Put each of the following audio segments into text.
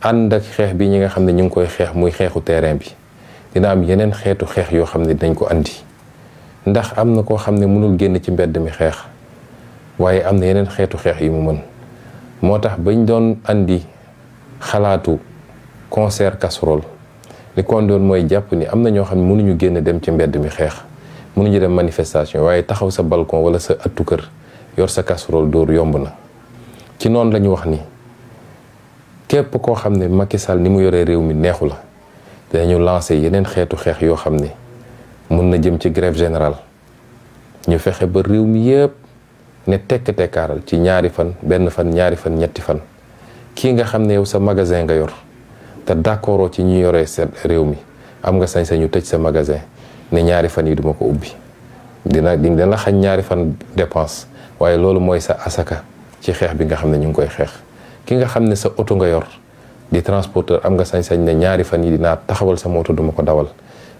ànd ak xeex bi ñi nga xam ne ñu ngi koy xeex muy xeexu terrain bi dina am yeneen xeetu xeex yoo xam ne dañ ko andi ndax am na koo xam ne mënul génn ci mbedd mi xeex waaye am yeneen xeetu xeex yi mu mën moo tax bañ doon andi xalaatu concert casserole li kon doon mooy jàpp ni am na ñoo xam ne mënuñu génn dem ci mbedd mi xeex mënuñu dem manifestation waaye taxaw sa balkon wala sa ëttu kër yor sa casserole dóor yomb na ci noonu lañu wax ni képp koo xam ne Macky Sall ni mu yoree réew mi neexu la dañu lancé yeneen xeetu xeex yoo xam ne mun na jëm ci grève général ñu fexe ba réew mi yépp ne tekk tekkaaral ci ñaari fan benn fan ñaari fan ñetti fan kii nga xam ne yow sa magasin nga yor te d'accordoo ci ñu yore seen réew mi am nga sañ-sañu tëj sa magasin ne ñaari fan yi duma ko ubbi dina dina xañ ñaari fan dépense waaye loolu mooy sa asaka ci xeex bi nga xam ne ñu ngi koy xeex ki nga xam ne sa oto nga yor di transporteur am nga sañ-sañ na ñaari fan yi dinaa taxawal sa oto duma ko dawal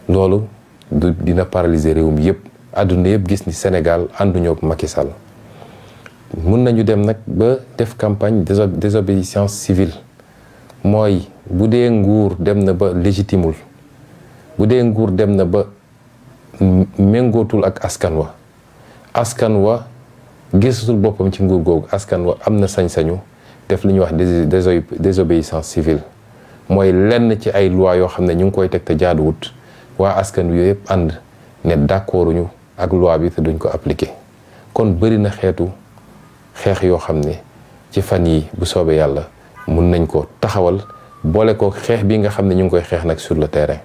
loolu dina paralyser réew mi yëpp àdduna yëpp gis ni senegal ànduñoo ak Macky Sall mun nañu dem nag ba def campagne désobéissance civile mooy bu dee nguur dem na ba légitimul bu dee nguur dem na ba méngootul ak askan wa askan wa gisatul boppam ci nguur googu askan wa am na sañ-sañu def lu ñuy wax désobéissance civile mooy lenn ci ay loi yoo xam ne ñu ngi koy teg te jaaduwut waa askan wi yëpp ànd ne d'accorduñu ak loi bi te duñ ko appliquer kon bëri na xeetu xeex yoo xam ne ci fan yi bu soobee yàlla mun nañ ko taxawal boole ko xeex bi nga xam ne ñu ngi koy xeex nag sur le terrain